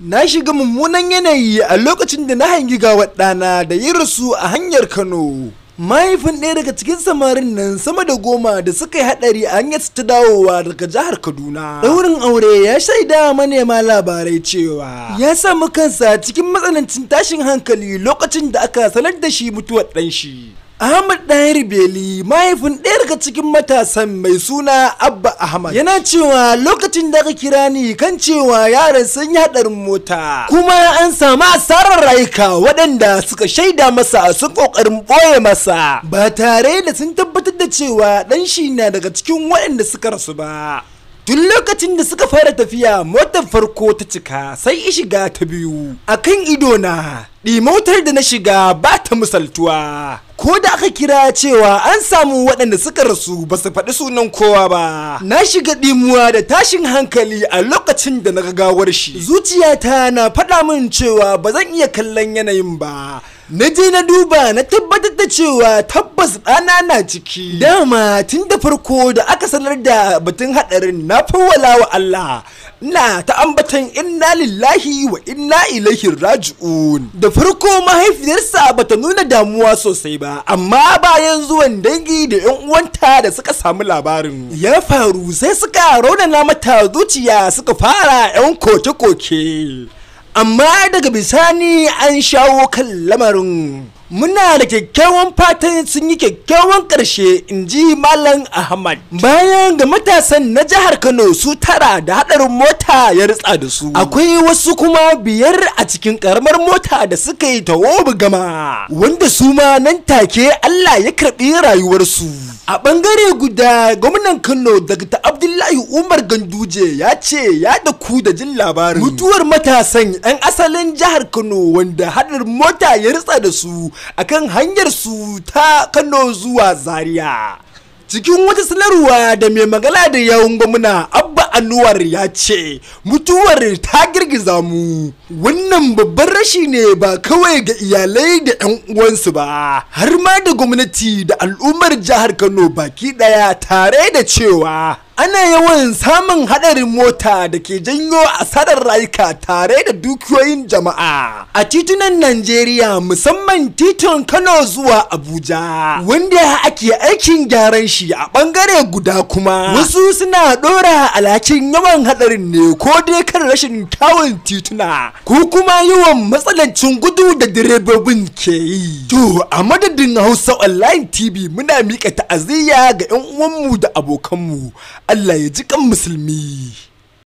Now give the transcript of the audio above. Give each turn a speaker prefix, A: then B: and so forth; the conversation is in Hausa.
A: na shiga mummunan yanayi a lokacin da na hangi gawar ɗana da yi rasu a hanyar kano mahaifin ɗaya daga cikin samarin nan sama da goma da suka yi haɗari a hanyar su ta dawowa daga jihar kaduna ɗaurin aure ya shaida manema labarai cewa ya samu kansa cikin matsanancin tashin hankali lokacin da aka sanar da shi mutuwar ɗan shi Ahmad dan Ribeli mahaifin ɗaya daga cikin matasan mai suna Abba Ahmad yana cewa lokacin da aka kira ni kan cewa yaran sun yi haɗarin mota kuma an samu asarar rayuka waɗanda suka shaida masa sun ƙoƙarin ɓoye masa ba tare da sun tabbatar da cewa ɗan shi na daga cikin waɗanda suka rasu ba. Tun lokacin da suka fara tafiya motar farko ta cika sai i shiga ta biyu. A kan ido idona, ɗimotar da na shiga ba ta misaltuwa. Ko da aka kira cewa an samu waɗanda suka rasu ba su faɗi sunan kowa ba. Na shiga ɗimuwa da tashin hankali a lokacin da na gawar shi. Zuciyata na faɗa min cewa ba zan iya kallon yanayin ba. na je na duba na tabbatar da cewa tabbas ɗana na ciki dama tun da farko da aka sanar da batun haɗarin na fawala wa Allah na ta ambatan inna lillahi wa inna ilaihi raji'un da farko mahaifiyarsa bata nuna damuwa sosai ba amma bayan zuwan dangi da yan uwanta da suka samu labarin ya faru sai suka raunana mata zuciya suka fara yan koke-koke amma daga bisani an shawo kan lamarin muna da kyakkyawan fatan sun yi kyakkyawan ƙarshe in ji malam ahmad bayan ga matasan na jihar kano su tara da haɗarin mota mota ya ritsa da su akwai wasu kuma biyar a cikin karamar mota da suka yi tawobu gama wanda su ma nan take Allah ya karbi rayuwarsu a bangare guda gwamnan Kano Dr. Abdullahi Umar Ganduje ya ce ya da ku da jin labarin mutuwar matasan 'yan asalin jihar Kano wanda haɗin mota ya ritsa da su akan hanyar su ta Kano zuwa Zaria cikin wata sanarwa da mai magana da yawun gwamna Anwar ya ce mutuwar ta girgiza mu wannan babban rashi ne ba kawai ga iyalai da 'yan uwansu ba har ma da gwamnati da al'ummar jihar Kano baki daya tare da cewa ana yawan samun hadarin mota da ke janyo asarar rayuka tare da dukiyoyin jama'a a titunan Najeriya musamman titin Kano zuwa Abuja wanda ake aikin gyaran shi a bangare guda kuma wasu suna dora alhakin yawan hadarin ne ko dai kan rashin kyawun tituna ko kuma yawan matsalancin gudu da direbobin ke yi to a madadin Hausa Online TV muna mika ta'aziyya ga 'yan uwanmu da abokanmu الله يجيكم مسلمي